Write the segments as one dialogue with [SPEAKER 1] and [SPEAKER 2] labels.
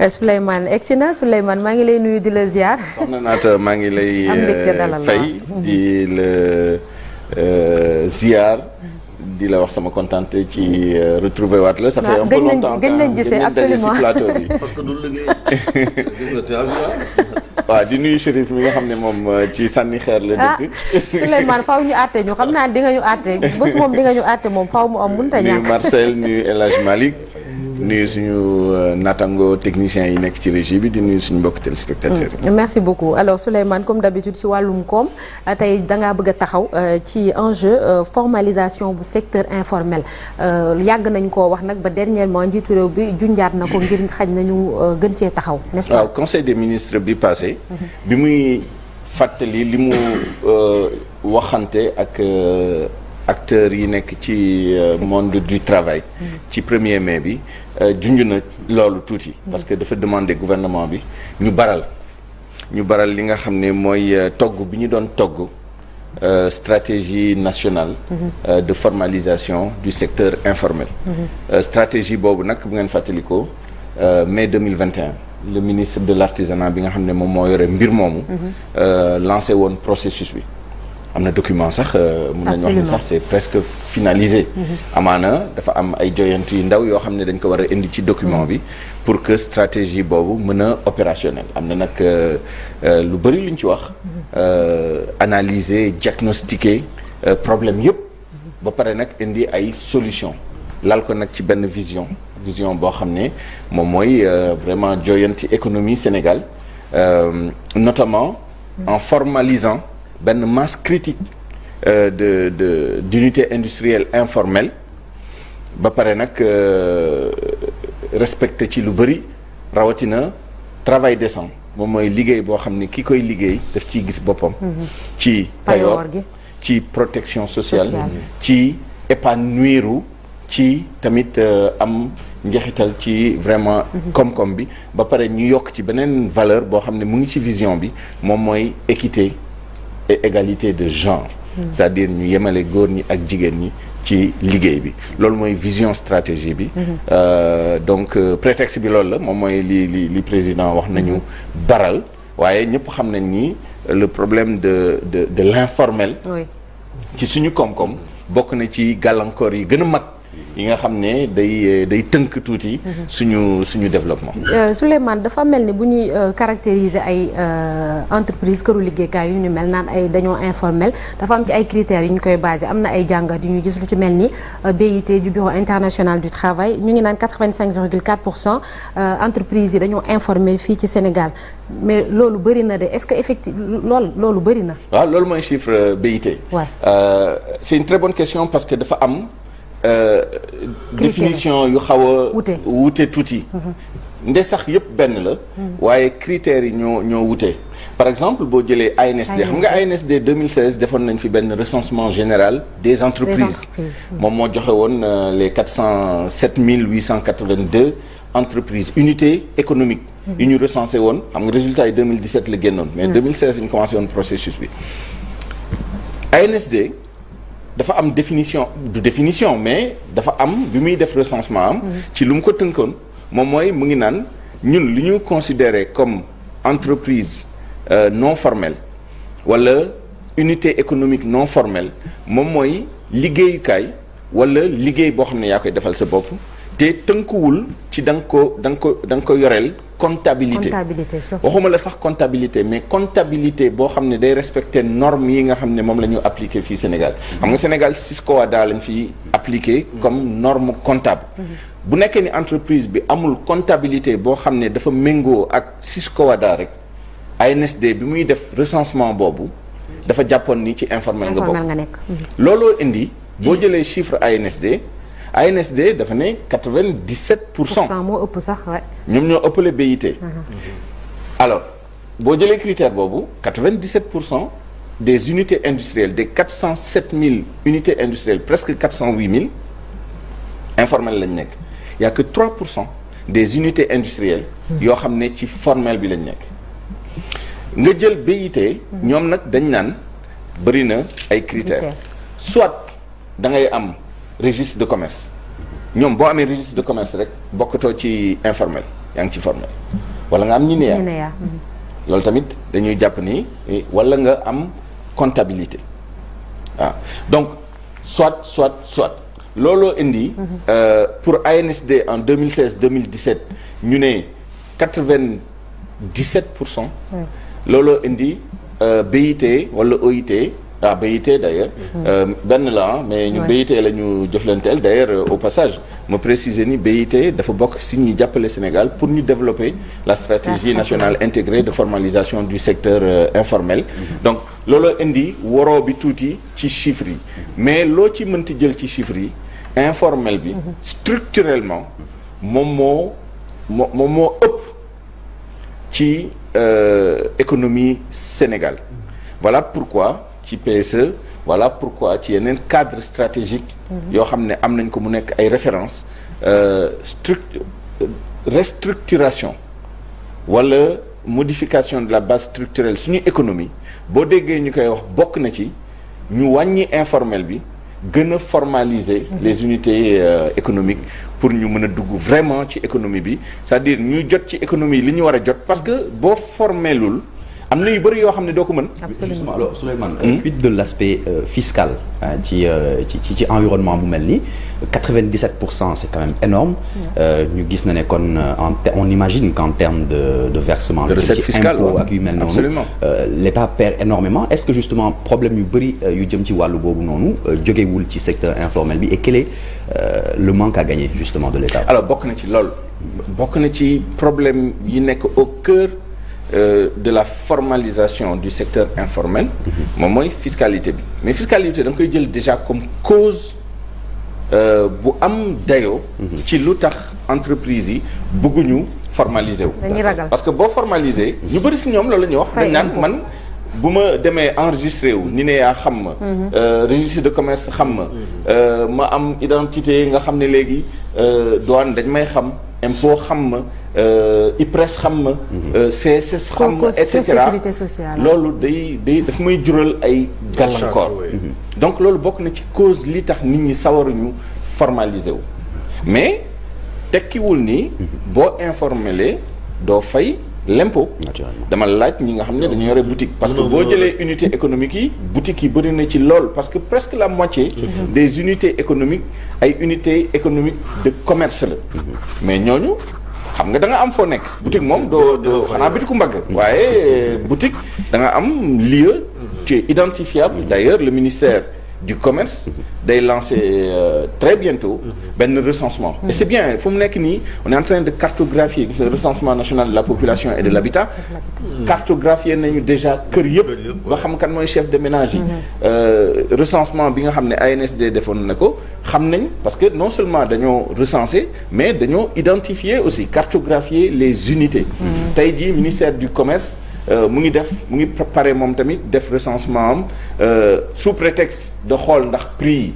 [SPEAKER 1] Eh, Souleymane egsi na Souleymane maa ngi lay nuyu di la ziar.
[SPEAKER 2] maa ngi lay. Eh, fay di la eh, ziar. di la wax sama contenté ci retrouver waat la. ça fait un peu longtemps gëj nañ absolument parce que du liggéey. waaw di nuyu Chérif mi nga xam ne moom euh, ci sànni xeer la dëkk.
[SPEAKER 1] ah Souleymane ñu àtte ñu xam naa di ñu àtte bés moom di ñu àtte moom faaw mu am mënut a ñàkk. nuyu Marcel
[SPEAKER 2] nuyu El Hadj Malick. suñu euh, natango technicien yi nekk ci régie bi di nuyu suñu mbokk téléspectateurs
[SPEAKER 1] yi. Mm, merci beaucoup alors Souleymane comme d'habitude ci wàllum koom euh, tey dangaa bëgg a taxaw ci enjeu formalisation bu secteur informel yàgg nañ ko wax nag ba dernièrement njiitu réew bi junjaat na ko ngir xaj nañu gën cee taxaw.
[SPEAKER 2] n'est-ce des ministres bi passé bi muy fàttali li mu euh, waxante ak euh, acteurs yi nekk ci euh, monde du travail ci premier mai bi junj na loolu tuuti parce que dafa demander gouvernement bi ñu baral ñu baral li nga xam ne mooy togg bi ñu doon togg Euh, stratégie nationale de formalisation du secteur informel mhm. stratégie boobu nag bu ngeen fàttalikoo mai 2021 le ministre de l'artisanat bi nga xam ne moom moo yore mbir moomu mhm. euh, lancé woon processus bi am na document sax euh, mun nañu wax ne sax c'est presque finalisé mhm. amaana dafa am ay joyant yu ndaw yoo xam ne dañ ko war a indi ci document mhm. bi pour que stratégie boobu mën a opérationnel am na nag euh, lu bëri lu ñu ci wax analyser diagnostiquer problème yëpp ba pare nag indi ay solution lal ko nag ci benn vision vision boo xam ne moom mooy euh, vraiment joyanti économie Sénégal euh, notamment mm. en formalisant benn masse critique euh, de de d'unité industrielle informelle ba pare nag respecté ci lu bëri rawatina travail décent moom mooy liggéey boo xam ne ki koy liggéey daf ciy gis boppam mm-hmm. ci payoor ci protection sociale ci épanouiru ci tamit euh, am njeexital ci vraiment mhm. koom-koom bi ba pare ñu yokk ci beneen valeur boo xam ne mu ngi ci vision bi moom mooy équité et égalité de genre mhm. cest dire ñu yemale góor ñi ak jigéen ñi ci liggéey bi loolu mooy vision stratégie bi mhm. euh, donc euh, prétexte bi loolu la moom mooy li li li président wax nañu baral waaye ñëpp xam nañ ni le problème de de de l'informel ci suñu koom-koom bokk na ci gàllankoor yi gën a mag yi nga xam ne day euh, day tënk tuuti. Mhm. suñu suñu développement.
[SPEAKER 1] Euh, Souleymane dafa mel ni bu ñuy euh, caractériser ay entreprise këru liggéeykaay yu ñu mel naan ay dañoo informel dafa am ci ay critères yu ñu koy basé am na ay jàngat yu ñu gis lu ci mel ni BIT du bureau international du travail ñu ngi naan 85 virgule 4 pour cent entreprise yi dañoo informel fii ci Sénégal mais loolu bëri na de est-ce que effective loolu loolu bëri na.
[SPEAKER 2] waaw loolu mooy chiffre BIT. waaw c'est une très bonne question parce que dafa am. Euh, définition yu xaw a wute tuuti mhm. nde sax yëpp benn la mhm. waaye critères yi ñoo ñoo wute par exemple boo jëlee ANSD xam nga ANSD 2016 defoon nañ fi benn recensement général des entreprises moom moo joxe woon euh, les 407 882 entreprises unités économiques mhm. yu ñu recensé woon xam nga résultat yi 2017 la génnoon mais 2016 ñu commencé woon processus bi ANSD dafa am définition du définition mais dafa am bi muy def recensement am. Mhm. ci lu mu ko tënkoon moom mooy mu ngi naan ñun lu ñu considéré comme entreprise euh, non formel wala unité économique non formelle moom mooy liggéeyukaay wala liggéey boo xam ne yaa koy defal sa bopp te tënkuwul ci da nga ko da nga ko da nga ko yoreel. comptabilité waxuma la sax comptabilité mais comptabilité boo xam ne day respecter normes yi nga xam ne moom la ñu appliqué fii Sénégal xam nga Sénégal CISCOADA lañ fii appliqué comme norme comptable mhm. bu nekkee ni entreprise bi amul comptabilité boo xam ne dafa méngoo ak CISCOADA rek ANSD bi muy def recensement boobu dafa jàppoon ni ci informel nga bokk
[SPEAKER 1] mhm.
[SPEAKER 2] looloo indi boo jëlee chiffre ANSD ANSD dafa ne quatre-vingt-dix-sept pour cent. moo ëpp sax ñoom ñoo ëppale BIT. Uh-huh. Mhm. alors boo jëlee critère boobu quatre-vingt-dix-sept pour cent des unités industrielles des quatre cent sept mille unités industrielles presque quatre cent huit mille informel lañ nekk y a trois pour cent des unités industrielles. Hmm. yoo xam ne ci formel bi lañ nekk. nga jël BIT. Hmm. ñoom nag dañ naan bëri na ay critères. soit da ngay am. registre de commerce ñoom boo amee registre de commerce rek bokkatoo ci informel yaa ngi ci formel wala nga am ñu ne loolu tamit dañuy jàpp ni wala nga am comptabilité waaw donc soit soit soit looloo indi. Mhm. Euh, pour ANSD en 2016 2017 ñu ne 97 pour cent. looloo indi euh, BIT wala OIT. ah BIT d'ailleurs mhm. euh, benn la mais ñu BIT la ñu jëflanteel d'ailleurs euh, au passage ma préciser ni BIT dafa bokk si ñuy jàppale Sénégal pour ñu développer la stratégie nationale intégrée de formalisation du secteur euh, informel mhm. donc looloo indi waroo bi tuuti ci chiffres yi mais loo ci mënti jël ci chiffres yi informel bi mhm. structurellement moom moo moo moom moo ëpp ci économie Sénégal voilà pourquoi ci PSE voilà pourquoi ci yeneen cadre stratégique mhm. yoo xam ne am nañ ko mu nekk ay référence euh, struc euh, restructuration wala modification de la base structurelle suñu économie boo déggee ñu koy wax bokk na ci ñu wàññi informel bi gën a formaliser mhm. les unités euh, économiques pour ñu mën a dugg vraiment ci économie bi c'est-à-dire ñu jot ci économie li ñu war a jot parce que boo formelul am na yu bëri yoo xam ne doo ko mën. absolument alors Souleymane. Hmm? Euh, quid de l' aspect euh, fiscal euh, ci ci ci environnement bu mel nii 97 pour cent c' est quand même énorme hmm. gis na ne kon en on imagine qu'en termes de de versement. de recette fiscale impôt ak yu mel noonu. l' état perd énormément est ce que justement problème yu bëri yu jëm ci wàllu boobu noonu jógewul ci secteur informel bi et quel est le manque à gagner justement de l' état. alors bokk na ci loolu. bokk na ci problème yi nekk au cœur. Euh, de la formalisation du secteur informel mhm. moom mooy fiscalité bi mais fiscalité da nga koy jël déjà comme cause euh, bu am dayoo mhm. ci lu tax entreprise yi bëgguñu formaliser wu parce que boo formaliser ñu bëri si ñoom loolu la ñuy wax dañ naan man bu ma demee enregistré wu ni ne yaa xam ma mhm. euh, registre de commerce xam ma euh, ma am identité nga xam ne léegi euh, douane dañ may xam impôt xam ma Euh, presque xam ma. Mhm. Euh, CSS xam ma et cetera loolu day day daf may jural ay. gàllankoor mhm. donc loolu bokk na ci cause li tax nit ñi sawaruñu formaliser wu. mais tekkiwul nii mhm. boo informele doo fay. l'impôt dama laaj ñi nga xam ne dañu yore boutique parce que boo jëlee unité économique yi boutique yi bëri na ci lool parce que presque la moitié des unités économiques ay unités économiques de commerce la mais ñooñu xam nga danga am foo nekk boutique moom doo do xanaa bitiku mbag waaye boutique da nga am lieu tu es identifiable d'ailleurs le ministère du commerce day lancer euh, très bientôt benn recensement et c'est bien fu mu nekk nii on est en de cartographier gis nga recensement national de la population et de l'habitat cartographier nañu déjà kër yëpp ba xam kan mooy chef de ménage yi euh, recensement bi nga xam ne ANSD defoon na ko xam nañ parce que non seulement dañoo recenser mais dañoo identifier aussi cartographier les unités mm-hmm. tey jii ministère du commerce Euh, mu ngi def mu ngi préparé moom tamit def recensement am euh, sous prétexte de xool ndax prix yi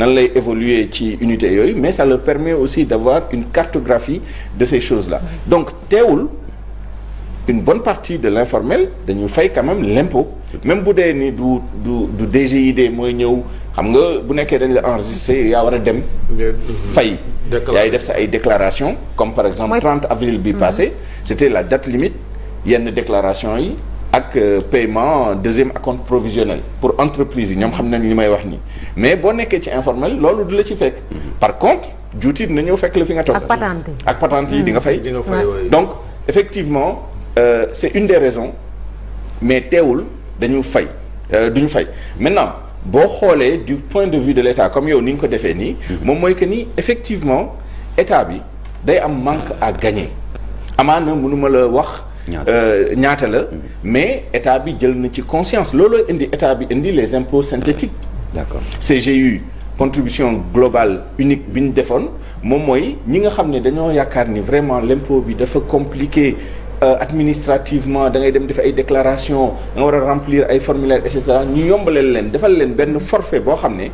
[SPEAKER 2] nan lay évoluer ci unité yooyu mais ça leur permet aussi d'avoir une cartographie de ces choses-là donc teewul une bonne partie de l'informel dañu fay quand même l'impôt même bu dee ni du du du DGID mooy ñëw xam nga bu nekkee dañ la enregistré yaa war a dem fay yaay def sa ay déclaration comme par exemple 30 avril bi mm-hmm. passé c'était la date limite yenn déclaration yi ak euh, paiement deuxième acompte provisionnel pour entreprise yi ñoom xam nañ li may wax nii mais boo nekkee ci informel loolu du la ci fekk mhm. par contre juuti dina ñëw fekk la fi nga toog
[SPEAKER 1] ak
[SPEAKER 2] patente yi hmm. di nga fay donc effectivement euh, c'est une des raisons mais teewul dañu fay euh, duñu fay maintenant boo xoolee du point de vue de l'État comme yow ni nga ko defee nii hmm. moom mooy que ni effectivement état bi day am manque ak gagner amaana mënuma la wax ñaata la euh, mm-hmm. mais état bi jël na ci conscience looloo indi état bi indi les impôts synthétiques d'accord CGU contribution globale unique bi ñu defoon moom mooy ñi nga xam ne dañoo yaakaar ni vraiment l'impôt bi dafa compliquer Euh, administrativement da dem def ay déclaration nga war a remplir ay formulaires et cetera ñu yombaleel leen defal leen benn forfait boo xam ne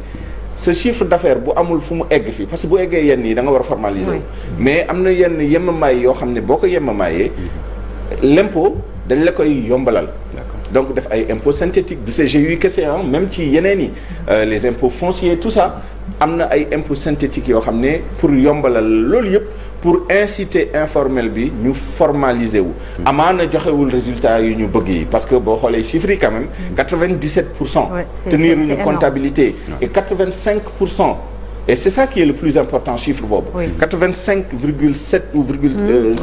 [SPEAKER 2] sa chiffre d'affaires bu amul fu mu egg fii parce que bu eggee yenn yi da nga war a formaliser mais am na yenn yemamaay yoo xam ne boo ko yemamaayee mm-hmm. l'impôt dañ la koy yombalal donc def ay impôt synthétique du CGU kese ah même ci yeneen yi euh, les impôts fonciers tout ça am na ay impôt synthétique yoo xam ne pour yombalal loolu yëpp pour inciter informel bi ñu formaliser wu hmm. amaana joxewul résultat yu ñu bëgg yi parce que boo xoolee chiffres yi quand même 97 hmm. pour cent tenuruñu comptabilité et cinq pour cent et c'est ça qui est le plus important chiffre boobu. oui 85 virgule 7 ou virgule. 6 euh, mm.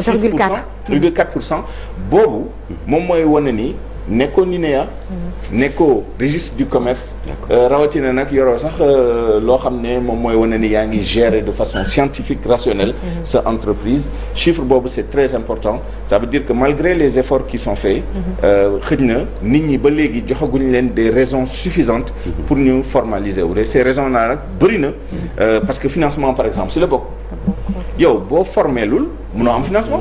[SPEAKER 2] pour cent virgule moom mooy wane ni. nekkoo NINEA. Mm-hmm. nekkoo registre du commerce. Euh, rawatina nag yoroo sax euh, loo xam ne moom mooy wane ni yaa ngi gérer de façon scientifique rationnelle. Mm-hmm. sa entreprise chiffre boobu c'est très important ça veut dire que malgré les efforts qui sont faits. Mm-hmm. Euh, xëj na nit ñi ba léegi joxaguñ leen des raisons suffisantes. pour ñu formaliser wu de ces raisons nag bëri na. parce que financement par exemple si la bokk. yow boo formé lul munoo am financement.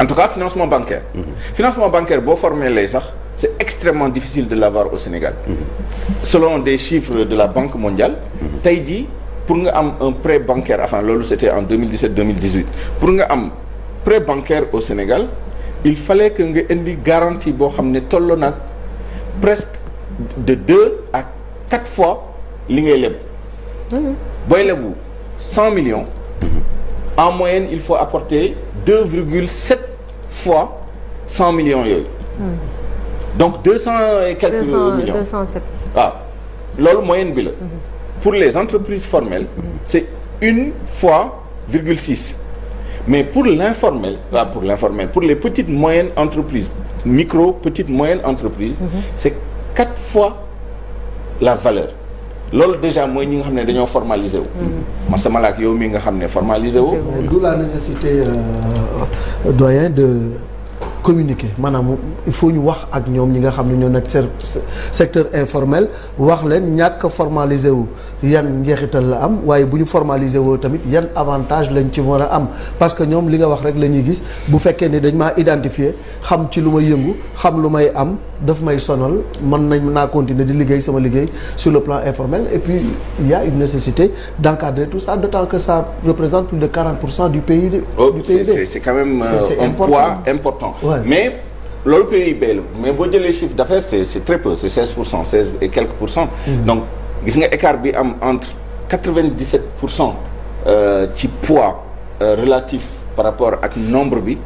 [SPEAKER 2] en tout cas financement bancaire. Mhm. financement bancaire boo formé lay sax c'est extrêmement difficile de l'avoir au mhm. selon des chiffres de la Banque mondiale. Mhm. tey jii pour nga am un prêt bancaire enfin loolu c'était en 2017 2018 pour nga am prêt bancaire au Sénégal il fallait que nga indi garantie boo xam ne tolloo nag presque de deux à quatre fois li ngay leb. booy lebu cent millions. en moyenne il faut apporter deux virgule sept fois cent millions yooyu. Hmm. donc deux cent et quelques millions ah, loolu moyenne bi la. Hmm. pour les entreprises formelles. Hmm. c'est une fois virgule six. mais pour l'informel pas ah, pour l'informel pour les petites moyennes entreprises micro petites moyennes entreprises. c'est quatre fois la valeur. loolu déjà mooy ñi nga xam ne dañoo formalisé wu. Mm. masamalaak yow mii nga xam ne formalisé wu. d'où la
[SPEAKER 3] nécessité euh, doyen de. communiquer maanaam il faut ñu wax ak ñoom ñi nga xam ne ñoo nekk secteur informel wax leen ñàkk formaliser wu yan njeexital la am waaye bu ñu formaliser woo tamit yan avantage lañ ci war a am parce que ñoom li nga wax rek la ñuy gis bu fekkee ni dañ maa identifier xam ci lu may yëngu xam lu may am daf may sonal mën nañ naa continuer di liggéey sama liggéey sur le plan informel et puis il y a une nécessité d'encadrer tout ça d'autant que ça représente plus pour cent du pays. Oh,
[SPEAKER 2] du PIB c'est mais loolu PIB la mais boo jëlee chiffre d'affaires c'est c'est très peu c'est 16 pour cent mm-hmm. donc gis nga écart bi am entre 97 pour cent euh, ci poids euh, relatif par rapport ak nombre bi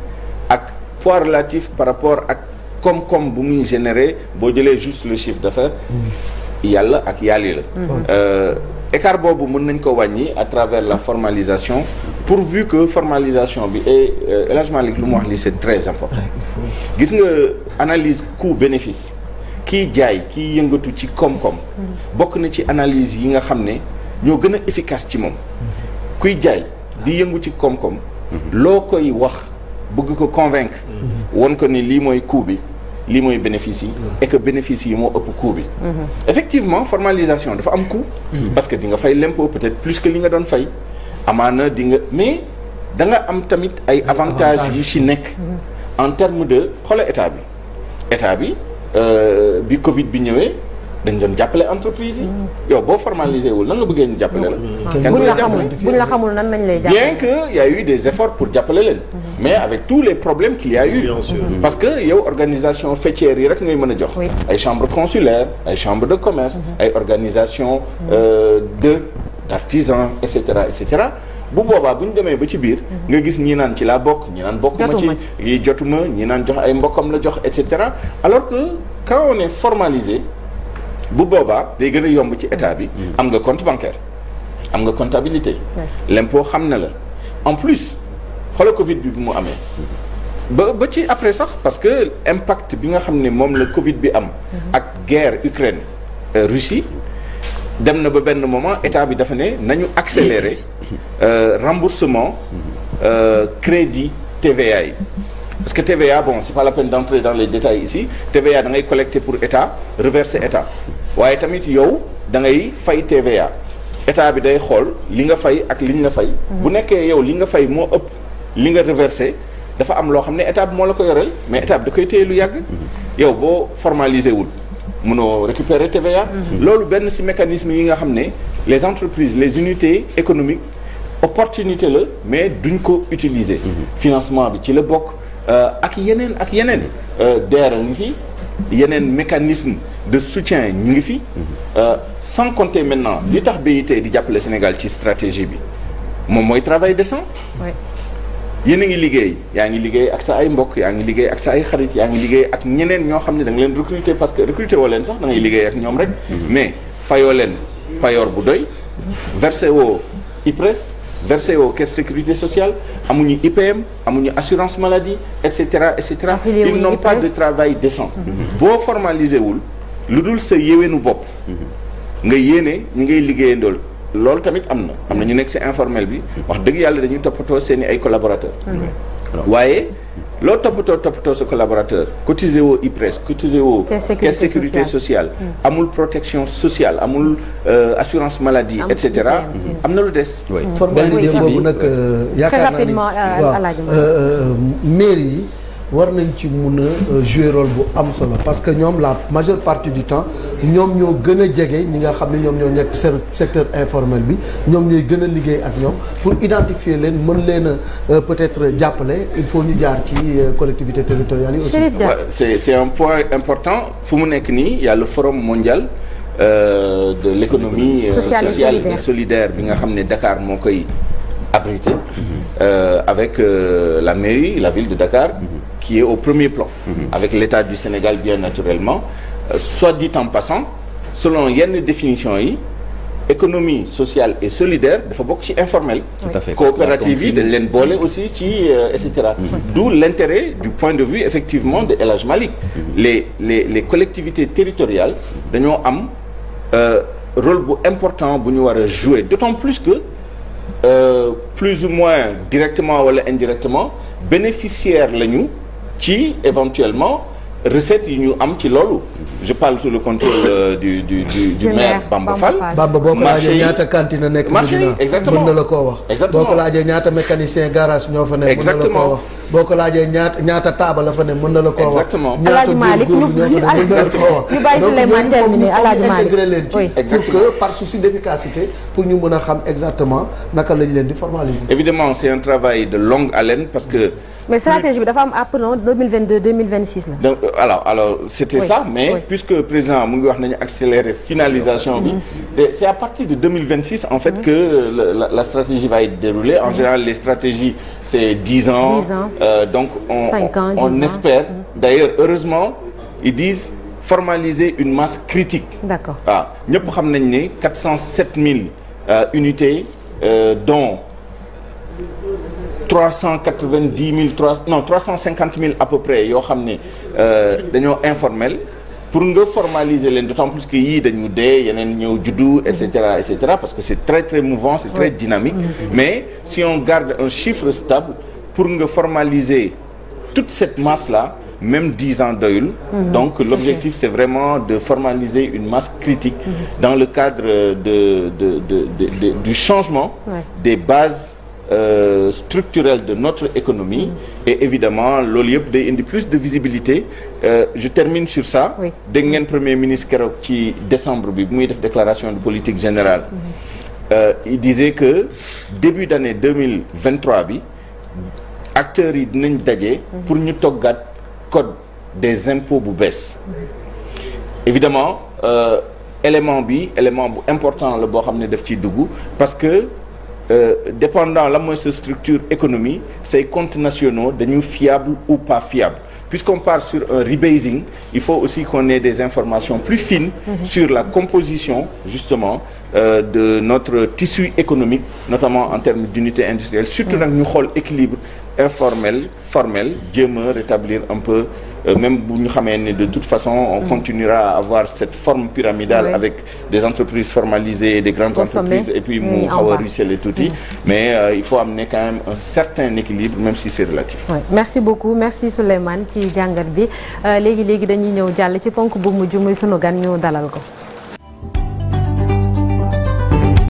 [SPEAKER 2] ak poids relatif par rapport ak koom-koom bu muy générer boo jëlee juste le chiffre d'affaires
[SPEAKER 1] mm-hmm.
[SPEAKER 2] yàlla ak yàlli la mm-hmm. euh, écart boobu mën nañ ko wàññi à travers la formalisation pour pourvu que formalisation bi et euh, El Hadj lu mu wax li c'est très important gis nga analyse coût bénéfice kiy jaay kiy yëngatu ci koom-koom mm. bokk na ci analyse yi nga xam ne ñoo gën a efficace ci moom mm. kuy jaay di yëngu ci koom-koom mm-hmm. loo koy wax bëgg ko convaincre mm-hmm. won ko ni lii mooy coût bi lii mooy bénéfice yi mm. et bénéfice yi moo ëpp coût bi mm-hmm. effectivement formalisation dafa am coût parce que di nga fay l'impôt peut-être plus que li nga doon fay amaana di nga mais da nga am tamit ay avantages yu ci nekk en terme de xoolal état bi état bi euh, bi Covid bi ñëwee dañ doon jàppale entreprise yi. Mm. yow boo formalisé wul nan nga bëggee ñu jàppale la. Mm. kenn buñ la
[SPEAKER 1] xamul nan lañ lay jàppale. bien que
[SPEAKER 2] y eu des efforts pour jàppale leen. Mm-hmm. mais avec tous les problèmes qu'il y eu. Mm-hmm. parce que yow organisation faîtière yi rek ngay mën a jox. ay chambre consulaire ay chambre de commerce. Mm-hmm. ay organisation euh, de. d'artisans et cetera bu boobaa bu ñu demee ba ci biir. Mhm. nga gis ñi naan ci laa bokk ñi naan bokk. ma ci yi jotuma ñi naan jox ay mbokkam la jox et cetera alors que quand on bu boobaa day gën a yomb ci état bi. Mhm. am nga compte bancaire am nga comptabilité. l'impôt xam na la en plus xoolal Covid bi bu mu amee. Mhm. ba ba ci après sax parce que impact bi nga xam ne moom la Covid bi am. ak guerre Ukraine euh, Russie. dem na ba benn moment état bi dafa ne nañu accélérer euh, remboursement euh, crédit TVA yi parce que TVA bon c'est pas la peine d'entrer dans les détails ici TVA da ngay collecter pour état reverser état waaye tamit yow da ngay fay TVA état bi day xool li nga fay ak liñ nga fay. bu nekkee yow li nga fay moo ëpp li nga reversé dafa am loo xam ne état bi moo la ko yoreel mais état bi da koy téye lu yàgg yow boo formalisé wul. mënoo récupérer TVA. Mhm. loolu benn si mécanisme yi nga xam ne les entreprises les unités économiques opportunité la mais duñ ko utiliser. Mhm. financement bi ci la bokk euh, ak yeneen ak yeneen. Euh, DER a ngi fi yeneen mécanisme de soutien ñu ngi fi. Mhm. Euh, sans compter maintenant li tax BIT di jàppale Sénégal ci stratégie bi moom mooy travail décent. yéen a ngi liggéey yaa ngi liggéey ak sa ay mbokk yaa ngi liggéey ak sa ay xarit yaa ngi liggéey ak ñeneen ñoo xam ne da nga leen recruter parce que recruter woo leen sax da ngay liggéey ak ñoom rek mm-hmm. mais fayoo leen payoor bu doy versé woo IPRES versé au caisse sécurité sociale amuñu IPM amuñu assurance maladie et cetera et cetera ils n'ont pas de travail décent mm-hmm. boo formalisé wul lu dul sa yéweenu bopp mm-hmm. nga yéene ñi ngay liggéeyandool loolu tamit am na am na ñu nekk si informel bi wax dëgg yàlla dañuy toppatoo seeni ay collaborateurs mm-hmm. waaye loo toppatoo toppatoo sa collaborateur cotisé woo IPRES cotisé woo caisse sécurité sociale mm. amul protection sociale amul euh, assurance maladie et am na lu
[SPEAKER 3] des mm. formalité boobu nag euh, yaakaar naa ni euh, waaw mairie yi war nañ ci mun a euh, jouer rôle bu am solo parce que ñoom la majeure partie du temps ñoom ñoo gën a jege ñi nga xam ne ñoom ñoo nekk secteur informel bi ñoom ñooy gën a liggéey ak ñoom pour identifier leen mën leen a euh, peut-être jàppale il faut ñu jaar ci euh, collectivité territoriale yi aussi.
[SPEAKER 2] c'est c'est un point important fu mu nekk nii yàlla a forum mondial. Euh, de l'économie sociale, sociale et solidaire bi nga xam ne Dakar moo koy abrité mm-hmm. avec euh, la mairie la ville de Dakar mm-hmm. qui est au premier plan. Mhm. avec l'État du Sénégal bien naturellement. Euh, soit dit en passant selon yenn définition yi économie sociale et solidaire dafa bokk ci informel. tout à fait coopérative yi dañ leen boole aussi ci euh, et cetera. Mhm. d'où l'intérêt du point de vue effectivement de El Hadj Malick. Mhm. les les les collectivités territoriales dañoo am euh, rôle bu important bu ñu war a jouer d'autant plus que. Euh, plus ou moins directement wala indirectement bénéficiaire lañu ci éventuellement recette yi ñu am ci loolu je parle sous le contrôle euh, du du du du maire Bamba Fall Bamba boo ko laajee ñaata
[SPEAKER 3] cantine nekk marché yi exactement mën na la koo wax exactement boo ko laajee ñaata mécanicien garage ñoo fa nekk mën na la koo wax boo ko laajee ñaata ñaata taabala la fa ne mën na la koo wax exactement ñaata Malick ñu bàyyi Souleymane terminé alaaji Malick intégré leen ci pour que par souci d'efficacité pour ñu mën a xam exactement naka lañ leen di formaliser
[SPEAKER 2] évidemment c'est un travail de longue haleine parce que
[SPEAKER 1] mais stratégie bi dafa am après non 2022 2026 la.
[SPEAKER 2] donc euh, mais oui. puisque président mu ngi wax nañu accélérer finalisation bi. Oui. Mhm. c'est à partir de 2026 en fait mhm. que la, la stratégie va être déroulée en mhm. général les stratégies c'est 10 ans. 10 ans euh, donc on on espère d'ailleurs heureusement ils disent formaliser une masse critique. d'accord waaw ah, ñëpp xam nañ ne 407 000 euh, unités euh, dont. trois cent quatre vingt dix mille trois non trois cent cinquante mille à peu près yoo xam ne euh, dañoo informel pour nga formaliser leen d'autant plus que yii dañu dee yeneen ñëw juddu et cetera et cetera parce que c'est mm-hmm. on garde un chiffre pour nga formaliser toute cette masse là même dix ans doyul mm-hmm. donc l'objectif c'est vraiment de formaliser une masse critique mm-hmm. dans le cadre de de de du changement des bases Euh, structurelle de notre économie et évidemment loolu yëpp day indi plus de visibilité euh, je termine sur ça oui. dégg ngeen premier ministre keroog ci décembre bi bu muy def déclaration de politique générale mm -hmm. euh, il disait que début d'année 2023 bi acteurs yi dinañ daje pour ñu toggaat code des impôts bu bees évidemment euh, élément bi élément bu important la boo xam ne daf ci dugg parce que Euh, dépendant la mooy sa structure économie say comptes nationaux dañu fiable ou pas fiable puisqu'on part sur un rebasing il faut aussi qu'on ait des informations plus fines mmh. sur la composition justement euh, de notre tissu économique notamment en termes d'unité industrielle surtout mhm. nag ñu xool équilibre informel formel jéem a rétablir un peu euh, même bu ñu xamee ne de toute façon on mm. continuera à avoir cette forme pyramidale avec des entreprises formalisées des grandes Consommer. entreprises et puis mu mm, xaw a ruisseler tuuti mm. mais euh, il faut amener quand même un certain équilibre même si c'est relatif oui.
[SPEAKER 1] merci beaucoup merci Souleymane ci jàngat bi euh, léegi-léegi dañuy ñëw jàll ci ponk bu mujj muy sunu gan ñu dalal ko